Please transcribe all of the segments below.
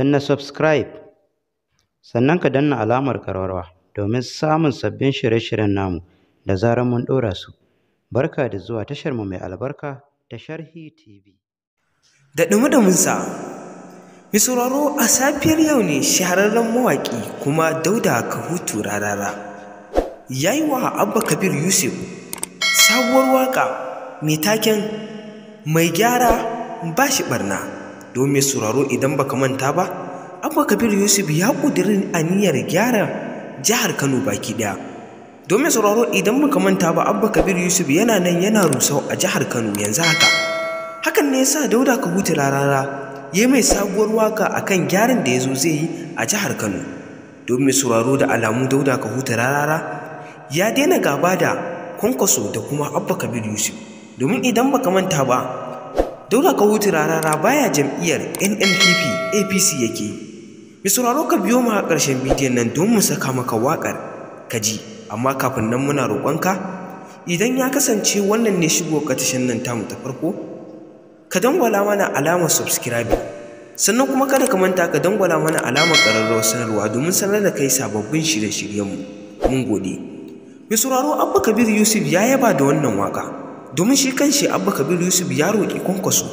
na subscribe sannan ka danna alamar karwarwa domin samun sabbin shirye-shiryen namu da zarar mun ɗora su barka da zuwa tashar mu mai albarka ta sharhi tv da ɗumi sa a safiyar yau ne shahararren mawaƙi kuma dauda kahutu rarara ya yi wa abba kabir yusuf sabuwar waƙa mai taken mai gyara bashi shi ɓarna don mai sauraro idan baka manta ba abba kabir yusuf ya ƙudurin aniyar gyara jihar kano baki ɗaya don mai sauraro idan baka manta ba abba kabir yusuf yana nan yana rusau a jihar kano yanzu haka hakan ne sa dauda ka huta rarara ya mai sabuwar waka akan gyaran da ya zo zai yi a jihar kano don sauraro da alamu dauda ka huta rarara ya daina gaba da kwankwaso da kuma abba kabir yusuf domin idan baka manta ba daula kawu rarara baya jam'iyyar nnpp apc yake mi sauraro ka biyo mu a ƙarshen bidiyon nan don mu saka maka waƙar ka ji amma kafin nan muna roƙonka idan ya kasance wannan ne shigo ka tashin nan tamu ta farko ka dangwala mana alamar subscribe sannan kuma kada ka manta ka dangwala mana alamar ƙararrawar sanarwa domin sanar da kai sababbin shirye-shiryenmu mun gode mai sauraro abba kabir yusuf ya yaba da wannan waƙa. domin shi kan shi abba kabiru yusuf ya roƙi kwankwaso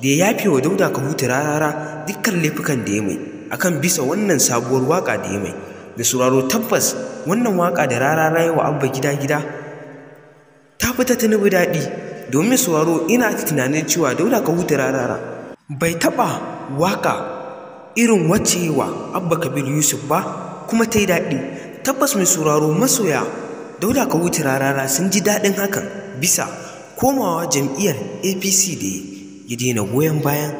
da ya yafe wa dauda ka hutu rarara dukkan laifukan da ya mai akan bisa wannan sabuwar waka da ya mai da sauraro tabbas wannan waka da rarara ya wa abba gida gida ta fita ta nubi daɗi domin sauraro ina tunanin cewa dauda ka huta rarara bai taɓa waka irin wacce wa abba kabir yusuf ba kuma ta yi daɗi tabbas mai sauraro masoya dauda ka huta rarara sun ji daɗin hakan bisa komawa jam'iyyar apc da ya daina goyon bayan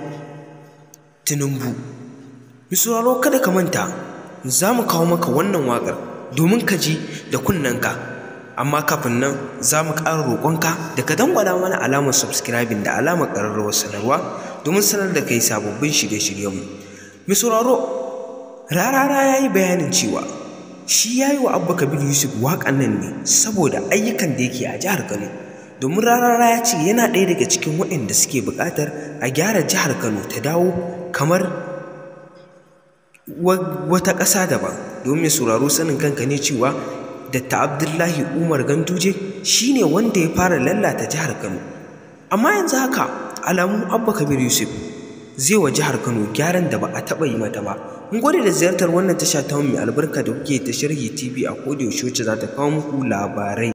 tinubu misuraro kada ka manta za mu kawo maka wannan wakar domin ka ji da kunnanka amma kafin nan za mu ƙara roƙonka da ka dangwada mana alamar subscribing da alamar ƙararrawar sanarwa domin sanar da kai sababbin shirye-shiryenmu misuraro rarara ya yi bayanin cewa shi ya yi wa abba kabir yusuf waƙan nan ne saboda ayyukan da yake a jihar kano domin rarara ya ce yana ɗaya daga cikin waɗanda suke buƙatar a gyara jihar kano ta dawo kamar wata ƙasa daban domin ya sauraro sanin kanka ne cewa datta abdullahi umar ganduje shine wanda ya fara lalata jihar kano amma yanzu haka alamu abba kabir yusuf zai wa jihar kano gyaran da ba a taɓa yi mata ba mun gwada da ziyartar wannan tasha ta mai albarka da kuke ta sharhi tv a kodiyo yaushe za ta kawo muku labarai